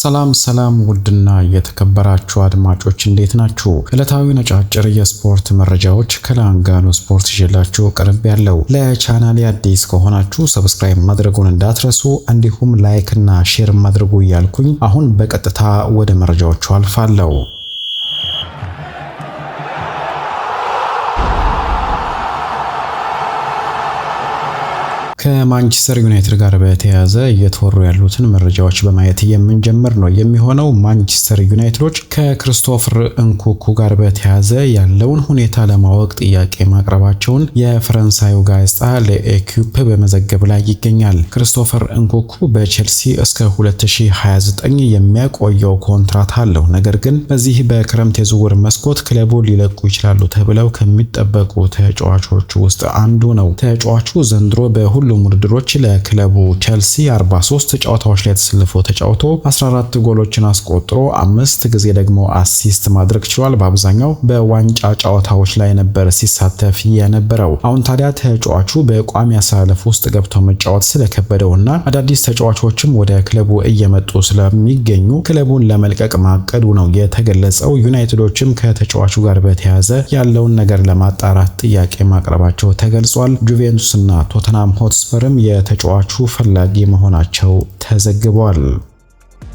ሰላም ሰላም ውድና የተከበራችሁ አድማጮች እንዴት ናችሁ? ዕለታዊ ነጫጭር የስፖርት መረጃዎች ከላንጋኖ ስፖርት ይዤላችሁ ቅርብ ያለው። ለቻናሌ አዲስ ከሆናችሁ ሰብስክራይብ ማድረጉን እንዳትረሱ፣ እንዲሁም ላይክ እና ሼር ማድረጉ እያልኩኝ አሁን በቀጥታ ወደ መረጃዎቹ አልፋለሁ። ከማንቸስተር ዩናይትድ ጋር በተያያዘ እየተወሩ ያሉትን መረጃዎች በማየት የምንጀምር ነው የሚሆነው። ማንቸስተር ዩናይትዶች ከክሪስቶፈር እንኩኩ ጋር በተያያዘ ያለውን ሁኔታ ለማወቅ ጥያቄ ማቅረባቸውን የፈረንሳዩ ጋዜጣ ለኤኪፕ በመዘገብ ላይ ይገኛል። ክርስቶፈር እንኩኩ በቼልሲ እስከ 2029 የሚያቆየው ኮንትራት አለው። ነገር ግን በዚህ በክረምት የዝውውር መስኮት ክለቡ ሊለቁ ይችላሉ ተብለው ከሚጠበቁ ተጫዋቾቹ ውስጥ አንዱ ነው። ተጫዋቹ ዘንድሮ በሁሉ በሁሉም ውድድሮች ለክለቡ ቼልሲ 43 ጨዋታዎች ላይ ተሰልፎ ተጫውቶ 14 ጎሎችን አስቆጥሮ አምስት ጊዜ ደግሞ አሲስት ማድረግ ችሏል። በአብዛኛው በዋንጫ ጨዋታዎች ላይ ነበር ሲሳተፍ የነበረው። አሁን ታዲያ ተጫዋቹ በቋሚ አሰላለፍ ውስጥ ገብቶ መጫወት ስለከበደውና አዳዲስ ተጫዋቾችም ወደ ክለቡ እየመጡ ስለሚገኙ ክለቡን ለመልቀቅ ማቀዱ ነው የተገለጸው። ዩናይትዶችም ከተጫዋቹ ጋር በተያያዘ ያለውን ነገር ለማጣራት ጥያቄ ማቅረባቸው ተገልጿል። እና ቶተናም ሆት መስመርም የተጫዋቹ ፈላጊ መሆናቸው ተዘግቧል።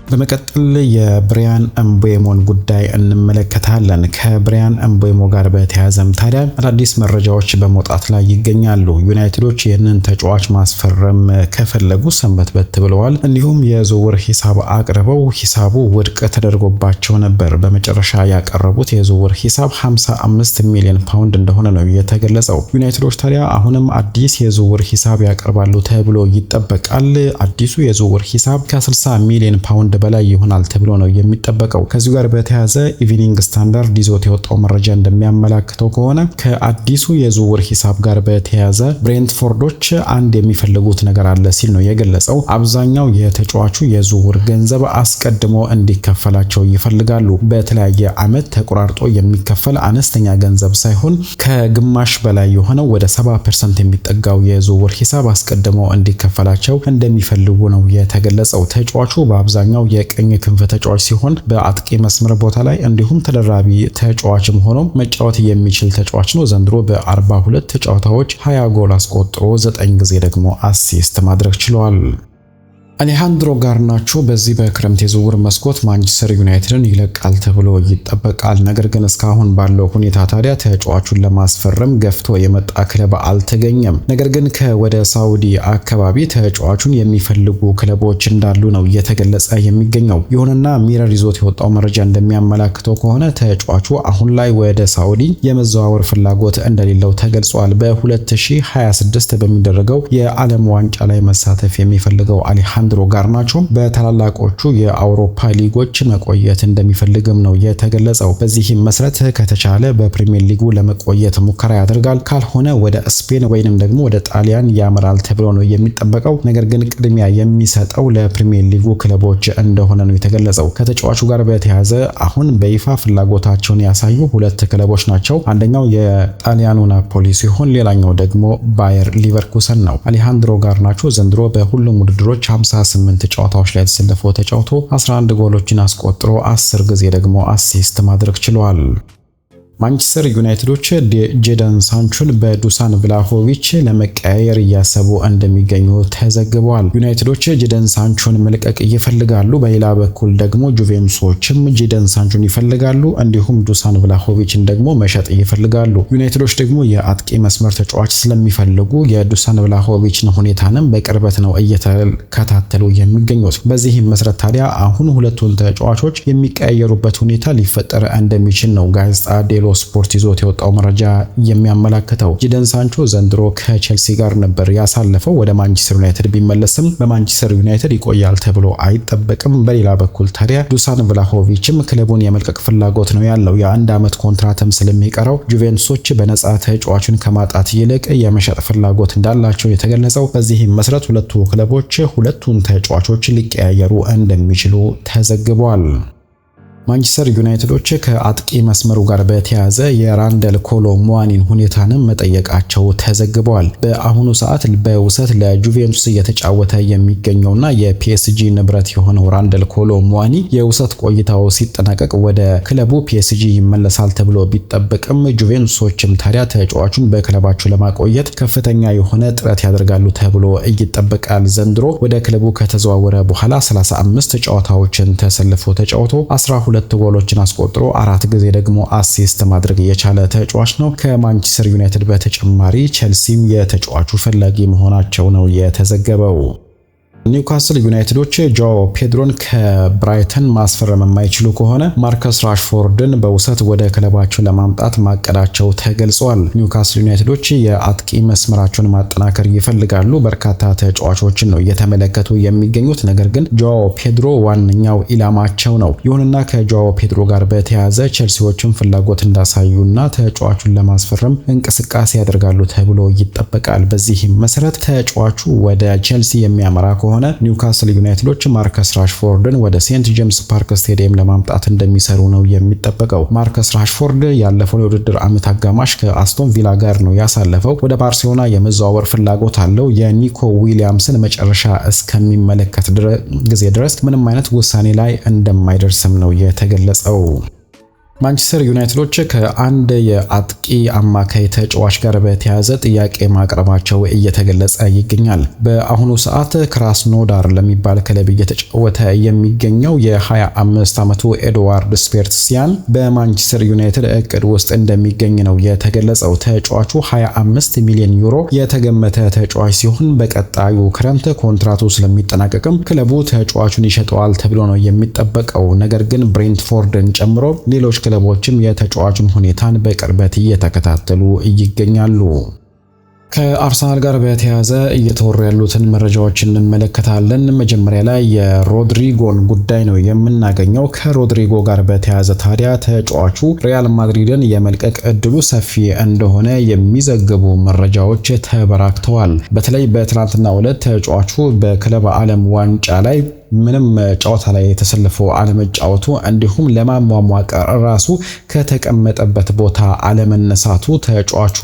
በመቀጠል የብሪያን እምቦሞን ጉዳይ እንመለከታለን። ከብሪያን እምቦሞ ጋር በተያያዘም ታዲያ አዳዲስ መረጃዎች በመውጣት ላይ ይገኛሉ። ዩናይትዶች ይህንን ተጫዋች ማስፈረም ከፈለጉ ሰንበት በት ብለዋል። እንዲሁም የዝውውር ሂሳብ አቅርበው ሂሳቡ ውድቅ ተደርጎባቸው ነበር። በመጨረሻ ያቀረቡት የዝውውር ሂሳብ 55 ሚሊዮን ፓውንድ እንደሆነ ነው የተገለጸው። ዩናይትዶች ታዲያ አሁንም አዲስ የዝውውር ሂሳብ ያቀርባሉ ተብሎ ይጠበቃል። አዲሱ የዝውውር ሂሳብ ከ60 ሚሊዮን ፓውንድ በላይ ይሆናል ተብሎ ነው የሚጠበቀው። ከዚሁ ጋር በተያያዘ ኢቪኒንግ ስታንዳርድ ይዞት የወጣው መረጃ እንደሚያመላክተው ከሆነ ከአዲሱ የዝውውር ሂሳብ ጋር በተያያዘ ብሬንትፎርዶች አንድ የሚፈልጉት ነገር አለ ሲል ነው የገለጸው። አብዛኛው የተጫዋቹ የዝውውር ገንዘብ አስቀድሞ እንዲከፈላቸው ይፈልጋሉ። በተለያየ ዓመት ተቆራርጦ የሚከፈል አነስተኛ ገንዘብ ሳይሆን ከግማሽ በላይ የሆነው ወደ 70 ፐርሰንት የሚጠጋው የዝውውር ሂሳብ አስቀድሞ እንዲከፈላቸው እንደሚፈልጉ ነው የተገለጸው። ተጫዋቹ በአብዛኛው ዋናው የቀኝ ክንፍ ተጫዋች ሲሆን በአጥቂ መስመር ቦታ ላይ እንዲሁም ተደራቢ ተጫዋችም ሆኖ መጫወት የሚችል ተጫዋች ነው። ዘንድሮ በ42 ተጫዋታዎች 20 ጎል አስቆጥሮ 9 ጊዜ ደግሞ አሲስት ማድረግ ችሏል። አሌሃንድሮ ጋርናቾ በዚህ በክረምት የዝውውር መስኮት ማንቸስተር ዩናይትድን ይለቃል ተብሎ ይጠበቃል። ነገር ግን እስካሁን ባለው ሁኔታ ታዲያ ተጫዋቹን ለማስፈረም ገፍቶ የመጣ ክለብ አልተገኘም። ነገር ግን ከወደ ሳውዲ አካባቢ ተጫዋቹን የሚፈልጉ ክለቦች እንዳሉ ነው እየተገለጸ የሚገኘው። ይሁንና ሚረር ይዞት የወጣው መረጃ እንደሚያመላክተው ከሆነ ተጫዋቹ አሁን ላይ ወደ ሳውዲ የመዘዋወር ፍላጎት እንደሌለው ተገልጿል። በ2026 በሚደረገው የዓለም ዋንጫ ላይ መሳተፍ የሚፈልገው አሌሃን አሌሃንድሮ ጋርናቾ በታላላቆቹ የአውሮፓ ሊጎች መቆየት እንደሚፈልግም ነው የተገለጸው። በዚህም መሰረት ከተቻለ በፕሪሚየር ሊጉ ለመቆየት ሙከራ ያደርጋል፣ ካልሆነ ወደ ስፔን ወይንም ደግሞ ወደ ጣሊያን ያመራል ተብሎ ነው የሚጠበቀው። ነገር ግን ቅድሚያ የሚሰጠው ለፕሪሚየር ሊጉ ክለቦች እንደሆነ ነው የተገለጸው። ከተጫዋቹ ጋር በተያያዘ አሁን በይፋ ፍላጎታቸውን ያሳዩ ሁለት ክለቦች ናቸው። አንደኛው የጣሊያኑ ናፖሊ ሲሆን ሌላኛው ደግሞ ባየር ሊቨርኩሰን ነው። አሌሃንድሮ ጋርናቾ ዘንድሮ በሁሉም ውድድሮች 50 በ68 ጨዋታዎች ላይ ተሰልፎ ተጫውቶ 11 ጎሎችን አስቆጥሮ 10 ጊዜ ደግሞ አሲስት ማድረግ ችሏል። ማንቸስተር ዩናይትዶች ጄደን ሳንቾን በዱሳን ቭላሆቪች ለመቀያየር እያሰቡ እንደሚገኙ ተዘግበዋል። ዩናይትዶች ጄደን ሳንቾን መልቀቅ ይፈልጋሉ። በሌላ በኩል ደግሞ ጁቬንቱሶችም ጄደን ሳንቾን ይፈልጋሉ፣ እንዲሁም ዱሳን ቭላሆቪችን ደግሞ መሸጥ ይፈልጋሉ። ዩናይትዶች ደግሞ የአጥቂ መስመር ተጫዋች ስለሚፈልጉ የዱሳን ቭላሆቪችን ሁኔታንም በቅርበት ነው እየተከታተሉ የሚገኙት። በዚህም መሰረት ታዲያ አሁን ሁለቱን ተጫዋቾች የሚቀያየሩበት ሁኔታ ሊፈጠር እንደሚችል ነው ጋዜጣ ሌሎ ስፖርት ይዞት የወጣው መረጃ የሚያመላክተው ጂደን ሳንቾ ዘንድሮ ከቼልሲ ጋር ነበር ያሳለፈው። ወደ ማንቸስተር ዩናይትድ ቢመለስም በማንቸስተር ዩናይትድ ይቆያል ተብሎ አይጠበቅም። በሌላ በኩል ታዲያ ዱሳን ቭላሆቪችም ክለቡን የመልቀቅ ፍላጎት ነው ያለው። የአንድ ዓመት ኮንትራትም ስለሚቀረው ጁቬንቱሶች በነፃ ተጫዋቹን ከማጣት ይልቅ የመሸጥ ፍላጎት እንዳላቸው የተገለጸው፣ በዚህም መሰረት ሁለቱ ክለቦች ሁለቱን ተጫዋቾች ሊቀያየሩ እንደሚችሉ ተዘግቧል። ማንቸስተር ዩናይትዶች ከአጥቂ መስመሩ ጋር በተያያዘ የራንደል ኮሎ ሙዋኒን ሁኔታንም መጠየቃቸው ተዘግበዋል። በአሁኑ ሰዓት በውሰት ለጁቬንቱስ እየተጫወተ የሚገኘውና የፒኤስጂ ንብረት የሆነው ራንደል ኮሎ ሙዋኒ የውሰት ቆይታው ሲጠናቀቅ ወደ ክለቡ ፒኤስጂ ይመለሳል ተብሎ ቢጠበቅም ጁቬንቱሶችም ታዲያ ተጫዋቹን በክለባቸው ለማቆየት ከፍተኛ የሆነ ጥረት ያደርጋሉ ተብሎ ይጠበቃል። ዘንድሮ ወደ ክለቡ ከተዘዋወረ በኋላ 35 ጨዋታዎችን ተሰልፎ ተጫውቶ 12 ሁለት ጎሎችን አስቆጥሮ አራት ጊዜ ደግሞ አሲስት ማድረግ የቻለ ተጫዋች ነው። ከማንቸስተር ዩናይትድ በተጨማሪ ቸልሲም የተጫዋቹ ፈላጊ መሆናቸው ነው የተዘገበው። ኒውካስል ዩናይትዶች ጆ ፔድሮን ከብራይተን ማስፈረም የማይችሉ ከሆነ ማርከስ ራሽፎርድን በውሰት ወደ ክለባቸው ለማምጣት ማቀዳቸው ተገልጿል። ኒውካስል ዩናይትዶች የአጥቂ መስመራቸውን ማጠናከር ይፈልጋሉ። በርካታ ተጫዋቾችን ነው እየተመለከቱ የሚገኙት። ነገር ግን ጆ ፔድሮ ዋነኛው ኢላማቸው ነው። ይሁንና ከጆ ፔድሮ ጋር በተያያዘ ቸልሲዎችን ፍላጎት እንዳሳዩና ተጫዋቹን ለማስፈረም እንቅስቃሴ ያደርጋሉ ተብሎ ይጠበቃል። በዚህም መሰረት ተጫዋቹ ወደ ቸልሲ የሚያመራ ከሆነ ከሆነ ኒውካስል ዩናይትዶች ማርከስ ራሽፎርድን ወደ ሴንት ጄምስ ፓርክ ስቴዲየም ለማምጣት እንደሚሰሩ ነው የሚጠበቀው። ማርከስ ራሽፎርድ ያለፈውን የውድድር ዓመት አጋማሽ ከአስቶን ቪላ ጋር ነው ያሳለፈው። ወደ ባርሴሎና የመዘዋወር ፍላጎት አለው። የኒኮ ዊሊያምስን መጨረሻ እስከሚመለከት ጊዜ ድረስ ምንም አይነት ውሳኔ ላይ እንደማይደርስም ነው የተገለጸው። ማንቸስተር ዩናይትዶች ከአንድ የአጥቂ አማካይ ተጫዋች ጋር በተያያዘ ጥያቄ ማቅረባቸው እየተገለጸ ይገኛል። በአሁኑ ሰዓት ክራስኖዳር ለሚባል ክለብ እየተጫወተ የሚገኘው የ25 ዓመቱ ኤድዋርድ ስፔርትሲያን በማንቸስተር ዩናይትድ እቅድ ውስጥ እንደሚገኝ ነው የተገለጸው። ተጫዋቹ 25 ሚሊዮን ዩሮ የተገመተ ተጫዋች ሲሆን በቀጣዩ ክረምት ኮንትራቱ ስለሚጠናቀቅም ክለቡ ተጫዋቹን ይሸጠዋል ተብሎ ነው የሚጠበቀው። ነገር ግን ብሬንትፎርድን ጨምሮ ሌሎች ክለቦችም የተጫዋቹን ሁኔታን በቅርበት እየተከታተሉ ይገኛሉ። ከአርሰናል ጋር በተያያዘ እየተወሩ ያሉትን መረጃዎች እንመለከታለን። መጀመሪያ ላይ የሮድሪጎን ጉዳይ ነው የምናገኘው። ከሮድሪጎ ጋር በተያያዘ ታዲያ ተጫዋቹ ሪያል ማድሪድን የመልቀቅ እድሉ ሰፊ እንደሆነ የሚዘግቡ መረጃዎች ተበራክተዋል። በተለይ በትናንትናው ዕለት ተጫዋቹ በክለብ ዓለም ዋንጫ ላይ ምንም ጨዋታ ላይ ተሰልፎ አለመጫወቱ እንዲሁም ለማሟሟቅ ራሱ ከተቀመጠበት ቦታ አለመነሳቱ ተጫዋቹ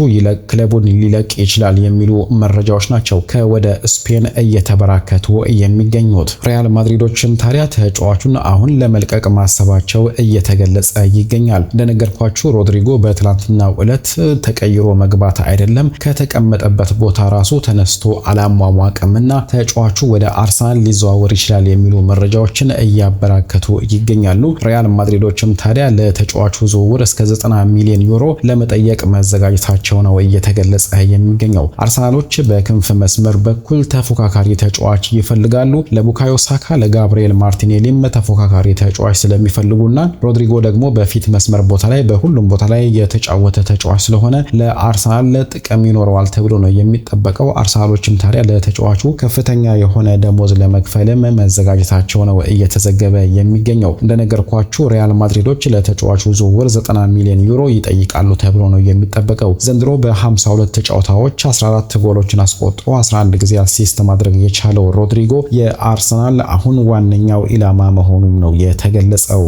ክለቡን ሊለቅ ይችላል የሚሉ መረጃዎች ናቸው ከወደ ስፔን እየተበራከቱ የሚገኙት። ሪያል ማድሪዶችም ታዲያ ተጫዋቹን አሁን ለመልቀቅ ማሰባቸው እየተገለጸ ይገኛል። እንደነገርኳችሁ ሮድሪጎ በትላንትናው ዕለት ተቀይሮ መግባት አይደለም ከተቀመጠበት ቦታ ራሱ ተነስቶ አላሟሟቅምና ተጫዋቹ ወደ አርሰናል ሊዘዋወር ይችላል የሚሉ መረጃዎችን እያበራከቱ ይገኛሉ። ሪያል ማድሪዶችም ታዲያ ለተጫዋቹ ዝውውር እስከ 90 ሚሊዮን ዩሮ ለመጠየቅ መዘጋጀታቸው ነው እየተገለጸ የሚገኘው። አርሰናሎች በክንፍ መስመር በኩል ተፎካካሪ ተጫዋች ይፈልጋሉ። ለቡካዮ ሳካ፣ ለጋብሪኤል ማርቲኔሊም ተፎካካሪ ተጫዋች ስለሚፈልጉና ሮድሪጎ ደግሞ በፊት መስመር ቦታ ላይ በሁሉም ቦታ ላይ የተጫወተ ተጫዋች ስለሆነ ለአርሰናል ጥቅም ይኖረዋል ተብሎ ነው የሚጠበቀው። አርሰናሎችም ታዲያ ለተጫዋቹ ከፍተኛ የሆነ ደሞዝ ለመክፈልም መዘ መዘጋጀታቸው ነው እየተዘገበ የሚገኘው። እንደነገርኳችሁ ሪያል ማድሪዶች ለተጫዋቹ ዝውውር 90 ሚሊዮን ዩሮ ይጠይቃሉ ተብሎ ነው የሚጠበቀው። ዘንድሮ በ52 ጨዋታዎች 14 ጎሎችን አስቆጥሮ 11 ጊዜ አሲስት ማድረግ የቻለው ሮድሪጎ የአርሰናል አሁን ዋነኛው ኢላማ መሆኑም ነው የተገለጸው።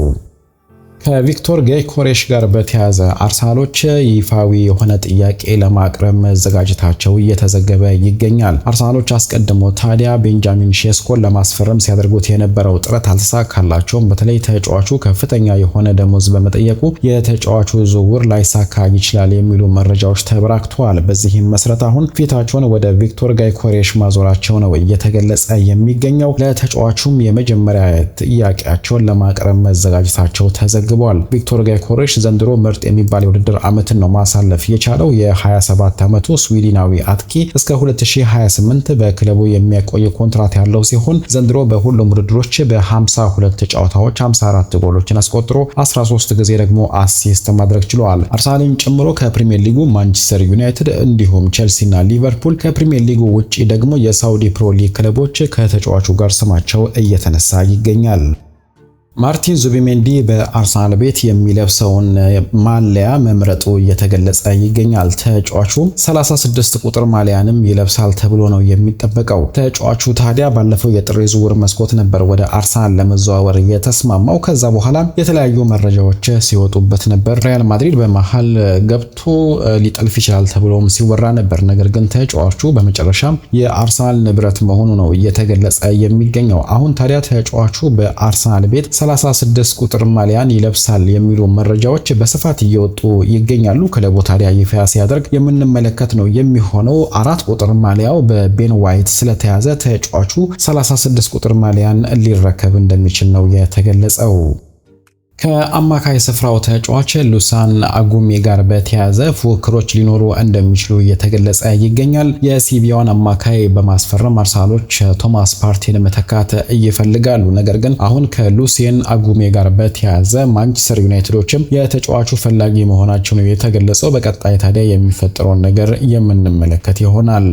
ከቪክቶር ጌኮሬሽ ጋር በተያያዘ አርሰናሎች ይፋዊ የሆነ ጥያቄ ለማቅረብ መዘጋጀታቸው እየተዘገበ ይገኛል። አርሰናሎች አስቀድሞ ታዲያ ቤንጃሚን ሼስኮን ለማስፈረም ሲያደርጉት የነበረው ጥረት አልተሳካላቸውም። በተለይ ተጫዋቹ ከፍተኛ የሆነ ደሞዝ በመጠየቁ የተጫዋቹ ዝውውር ላይሳካ ይችላል የሚሉ መረጃዎች ተበራክተዋል። በዚህም መሰረት አሁን ፊታቸውን ወደ ቪክቶር ጌኮሬሽ ማዞራቸው ነው እየተገለጸ የሚገኘው። ለተጫዋቹም የመጀመሪያ ጥያቄያቸውን ለማቅረብ መዘጋጀታቸው ተዘግ ተመዝግበዋል። ቪክቶር ጋይኮሬሽ ዘንድሮ ምርጥ የሚባል የውድድር ዓመትን ነው ማሳለፍ የቻለው። የ27 ዓመቱ ስዊድናዊ አጥቂ እስከ 2028 በክለቡ የሚያቆይ ኮንትራት ያለው ሲሆን ዘንድሮ በሁሉም ውድድሮች በ52 ጨዋታዎች 54 ጎሎችን አስቆጥሮ 13 ጊዜ ደግሞ አሲስት ማድረግ ችሏል። አርሰናልን ጨምሮ ከፕሪሚየር ሊጉ ማንቸስተር ዩናይትድ እንዲሁም ቼልሲና ሊቨርፑል ከፕሪሚየር ሊጉ ውጪ ደግሞ የሳውዲ ፕሮ ሊግ ክለቦች ከተጫዋቹ ጋር ስማቸው እየተነሳ ይገኛል። ማርቲን ዙቢሜንዲ በአርሰናል ቤት የሚለብሰውን ማሊያ መምረጡ እየተገለጸ ይገኛል። ተጫዋቹ 36 ቁጥር ማሊያንም ይለብሳል ተብሎ ነው የሚጠበቀው። ተጫዋቹ ታዲያ ባለፈው የጥር ዝውውር መስኮት ነበር ወደ አርሰናል ለመዘዋወር እየተስማማው ከዛ በኋላ የተለያዩ መረጃዎች ሲወጡበት ነበር። ሪያል ማድሪድ በመሀል ገብቶ ሊጠልፍ ይችላል ተብሎም ሲወራ ነበር። ነገር ግን ተጫዋቹ በመጨረሻ የአርሰናል ንብረት መሆኑ ነው እየተገለጸ የሚገኘው። አሁን ታዲያ ተጫዋቹ በአርሰናል ቤት 36 ቁጥር ማሊያን ይለብሳል የሚሉ መረጃዎች በስፋት እየወጡ ይገኛሉ። ክለቡ ታዲያ ይፋ ሲያደርግ የምንመለከት ነው የሚሆነው። አራት ቁጥር ማሊያው በቤን ዋይት ስለተያዘ ተጫዋቹ 36 ቁጥር ማሊያን ሊረከብ እንደሚችል ነው የተገለጸው። ከአማካይ ስፍራው ተጫዋች ሉሳን አጉሜ ጋር በተያያዘ ፉክክሮች ሊኖሩ እንደሚችሉ እየተገለጸ ይገኛል። የሲቪያውን አማካይ በማስፈረም አርሰናሎች ቶማስ ፓርቲን መተካት ይፈልጋሉ። ነገር ግን አሁን ከሉሲን አጉሜ ጋር በተያያዘ ማንቸስተር ዩናይትዶችም የተጫዋቹ ፈላጊ መሆናቸው ነው የተገለጸው። በቀጣይ ታዲያ የሚፈጠረውን ነገር የምንመለከት ይሆናል።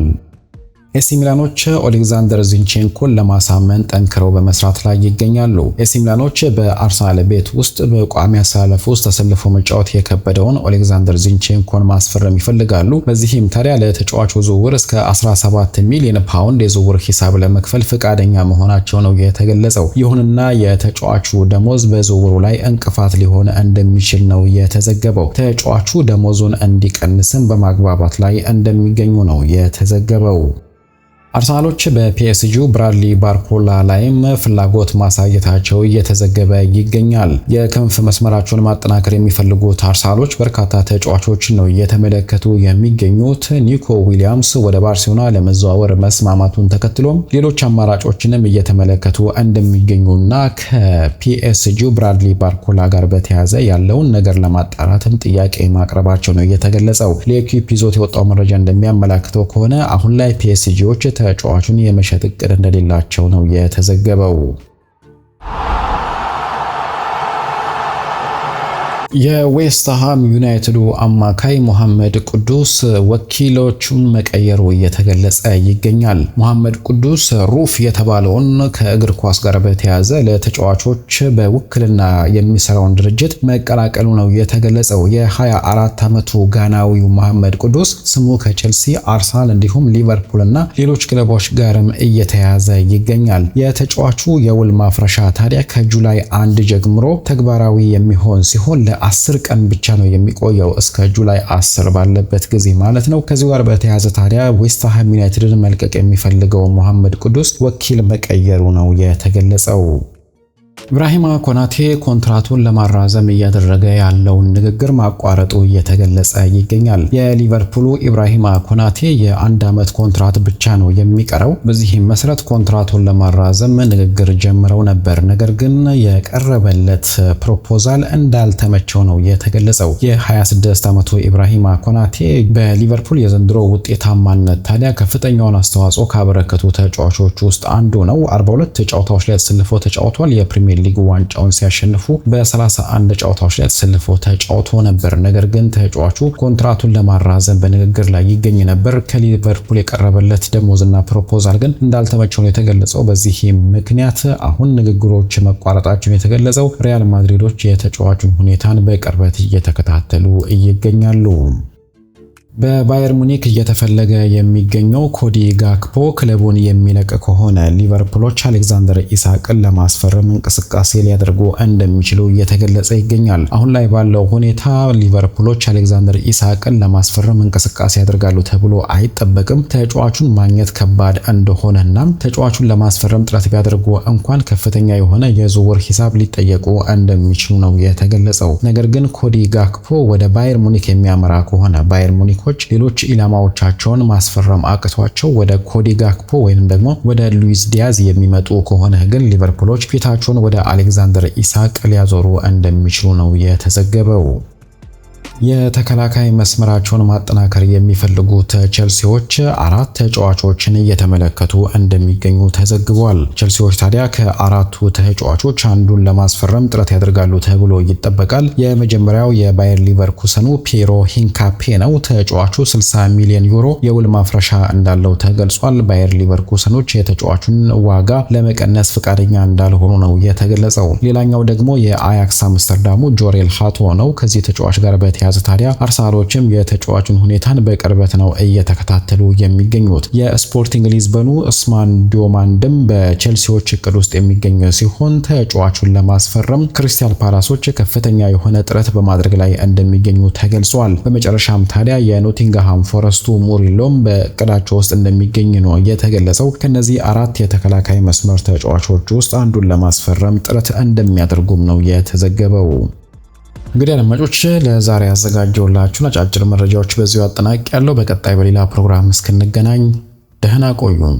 ኤሲ ሚላኖች ኦሌግዛንደር ዚንቼንኮን ለማሳመን ጠንክረው በመስራት ላይ ይገኛሉ። ኤሲ ሚላኖች በአርሰናል ቤት ውስጥ በቋሚ አሰላለፍ ውስጥ ተሰልፎ መጫወት የከበደውን ኦሌግዛንደር ዚንቼንኮን ማስፈረም ይፈልጋሉ። በዚህም ታዲያ ለተጫዋቹ ዝውውር እስከ 17 ሚሊዮን ፓውንድ የዝውውር ሂሳብ ለመክፈል ፈቃደኛ መሆናቸው ነው የተገለጸው። ይሁንና የተጫዋቹ ደሞዝ በዝውውሩ ላይ እንቅፋት ሊሆን እንደሚችል ነው የተዘገበው። ተጫዋቹ ደሞዙን እንዲቀንስም በማግባባት ላይ እንደሚገኙ ነው የተዘገበው። አርሰናሎች በፒኤስጂው ብራድሊ ባርኮላ ላይም ፍላጎት ማሳየታቸው እየተዘገበ ይገኛል። የክንፍ መስመራቸውን ማጠናከር የሚፈልጉት አርሰናሎች በርካታ ተጫዋቾችን ነው እየተመለከቱ የሚገኙት። ኒኮ ዊሊያምስ ወደ ባርሴሎና ለመዘዋወር መስማማቱን ተከትሎም ሌሎች አማራጮችንም እየተመለከቱ እንደሚገኙና ከፒኤስጂው ብራድሊ ባርኮላ ጋር በተያያዘ ያለውን ነገር ለማጣራትም ጥያቄ ማቅረባቸው ነው እየተገለጸው። ለኢኩፕ ይዞት የወጣው መረጃ እንደሚያመላክተው ከሆነ አሁን ላይ ፒኤስጂዎች ተጫዋቹን የመሸጥ እቅድ እንደሌላቸው ነው የተዘገበው። የዌስትሃም ዩናይትዱ አማካይ ሙሐመድ ቅዱስ ወኪሎቹን መቀየሩ እየተገለጸ ይገኛል። ሙሐመድ ቅዱስ ሩፍ የተባለውን ከእግር ኳስ ጋር በተያያዘ ለተጫዋቾች በውክልና የሚሰራውን ድርጅት መቀላቀሉ ነው የተገለጸው። የ24 ዓመቱ ጋናዊው ሙሐመድ ቅዱስ ስሙ ከቼልሲ፣ አርሰናል እንዲሁም ሊቨርፑል እና ሌሎች ክለቦች ጋርም እየተያዘ ይገኛል። የተጫዋቹ የውል ማፍረሻ ታዲያ ከጁላይ አንድ ጀምሮ ተግባራዊ የሚሆን ሲሆን ለ አስር ቀን ብቻ ነው የሚቆየው እስከ ጁላይ አስር ባለበት ጊዜ ማለት ነው። ከዚሁ ጋር በተያያዘ ታዲያ ዌስትሃም ዩናይትድን መልቀቅ የሚፈልገው መሐመድ ቅዱስ ወኪል መቀየሩ ነው የተገለጸው። ኢብራሂማ ኮናቴ ኮንትራቱን ለማራዘም እያደረገ ያለውን ንግግር ማቋረጡ እየተገለጸ ይገኛል። የሊቨርፑሉ ኢብራሂማ ኮናቴ የአንድ ዓመት ኮንትራት ብቻ ነው የሚቀረው። በዚህም መሰረት ኮንትራቱን ለማራዘም ንግግር ጀምረው ነበር። ነገር ግን የቀረበለት ፕሮፖዛል እንዳልተመቸው ነው የተገለጸው። የ26 ዓመቱ ኢብራሂማ ኮናቴ በሊቨርፑል የዘንድሮ ውጤታማነት ታዲያ ከፍተኛውን አስተዋጽኦ ካበረከቱ ተጫዋቾች ውስጥ አንዱ ነው። 42 ጨዋታዎች ላይ ተሰልፎ ተጫውቷል። የፕሪሚየር ፕሪሚየር ሊግ ዋንጫውን ሲያሸንፉ በ31 ጨዋታዎች ላይ ተሰልፎ ተጫውቶ ነበር። ነገር ግን ተጫዋቹ ኮንትራቱን ለማራዘም በንግግር ላይ ይገኝ ነበር። ከሊቨርፑል የቀረበለት ደሞዝና ፕሮፖዛል ግን እንዳልተመቸው ነው የተገለጸው። በዚህ ምክንያት አሁን ንግግሮች መቋረጣቸውን የተገለጸው ሪያል ማድሪዶች የተጫዋቹን ሁኔታን በቅርበት እየተከታተሉ ይገኛሉ። በባየር ሙኒክ እየተፈለገ የሚገኘው ኮዲ ጋክፖ ክለቡን የሚለቅ ከሆነ ሊቨርፑሎች አሌክዛንደር ኢሳቅን ለማስፈረም እንቅስቃሴ ሊያደርጉ እንደሚችሉ እየተገለጸ ይገኛል። አሁን ላይ ባለው ሁኔታ ሊቨርፑሎች አሌክዛንደር ኢሳቅን ለማስፈረም እንቅስቃሴ ያደርጋሉ ተብሎ አይጠበቅም። ተጫዋቹን ማግኘት ከባድ እንደሆነና ተጫዋቹን ለማስፈረም ጥረት ቢያደርጉ እንኳን ከፍተኛ የሆነ የዝውውር ሂሳብ ሊጠየቁ እንደሚችሉ ነው የተገለጸው። ነገር ግን ኮዲ ጋክፖ ወደ ባየር ሙኒክ የሚያመራ ከሆነ ባየር ሙኒክ ሴልቲኮች ሌሎች ኢላማዎቻቸውን ማስፈረም አቅቷቸው ወደ ኮዲ ጋክፖ ወይም ደግሞ ወደ ሉዊስ ዲያዝ የሚመጡ ከሆነ ግን ሊቨርፑሎች ፊታቸውን ወደ አሌክዛንደር ኢሳቅ ሊያዞሩ እንደሚችሉ ነው የተዘገበው። የተከላካይ መስመራቸውን ማጠናከር የሚፈልጉት ቸልሲዎች አራት ተጫዋቾችን እየተመለከቱ እንደሚገኙ ተዘግቧል። ቸልሲዎች ታዲያ ከአራቱ ተጫዋቾች አንዱን ለማስፈረም ጥረት ያደርጋሉ ተብሎ ይጠበቃል። የመጀመሪያው የባየር ሊቨርኩሰኑ ፔሮ ሂንካፔ ነው። ተጫዋቹ 60 ሚሊዮን ዩሮ የውል ማፍረሻ እንዳለው ተገልጿል። ባየር ሊቨርኩሰኖች የተጫዋቹን ዋጋ ለመቀነስ ፈቃደኛ እንዳልሆኑ ነው የተገለጸው። ሌላኛው ደግሞ የአያክስ አምስተርዳሙ ጆሬል ሃቶ ነው። ከዚህ ተጫዋች ጋር በተያ በመያዝ ታዲያ አርሰናሎችም የተጫዋቹን ሁኔታን በቅርበት ነው እየተከታተሉ የሚገኙት። የስፖርቲንግ ሊዝበኑ ኡስማን ዲዮማንድም በቼልሲዎች እቅድ ውስጥ የሚገኝ ሲሆን ተጫዋቹን ለማስፈረም ክሪስታል ፓላሶች ከፍተኛ የሆነ ጥረት በማድረግ ላይ እንደሚገኙ ተገልጿል። በመጨረሻም ታዲያ የኖቲንግሃም ፎረስቱ ሙሪሎም በእቅዳቸው ውስጥ እንደሚገኝ ነው የተገለጸው። ከነዚህ አራት የተከላካይ መስመር ተጫዋቾች ውስጥ አንዱን ለማስፈረም ጥረት እንደሚያደርጉም ነው የተዘገበው። እንግዲህ አድማጮች ለዛሬ ያዘጋጀውላችሁን አጫጭር መረጃዎች በዚሁ አጠናቅ ያለው። በቀጣይ በሌላ ፕሮግራም እስክንገናኝ ደህና ቆዩኝ።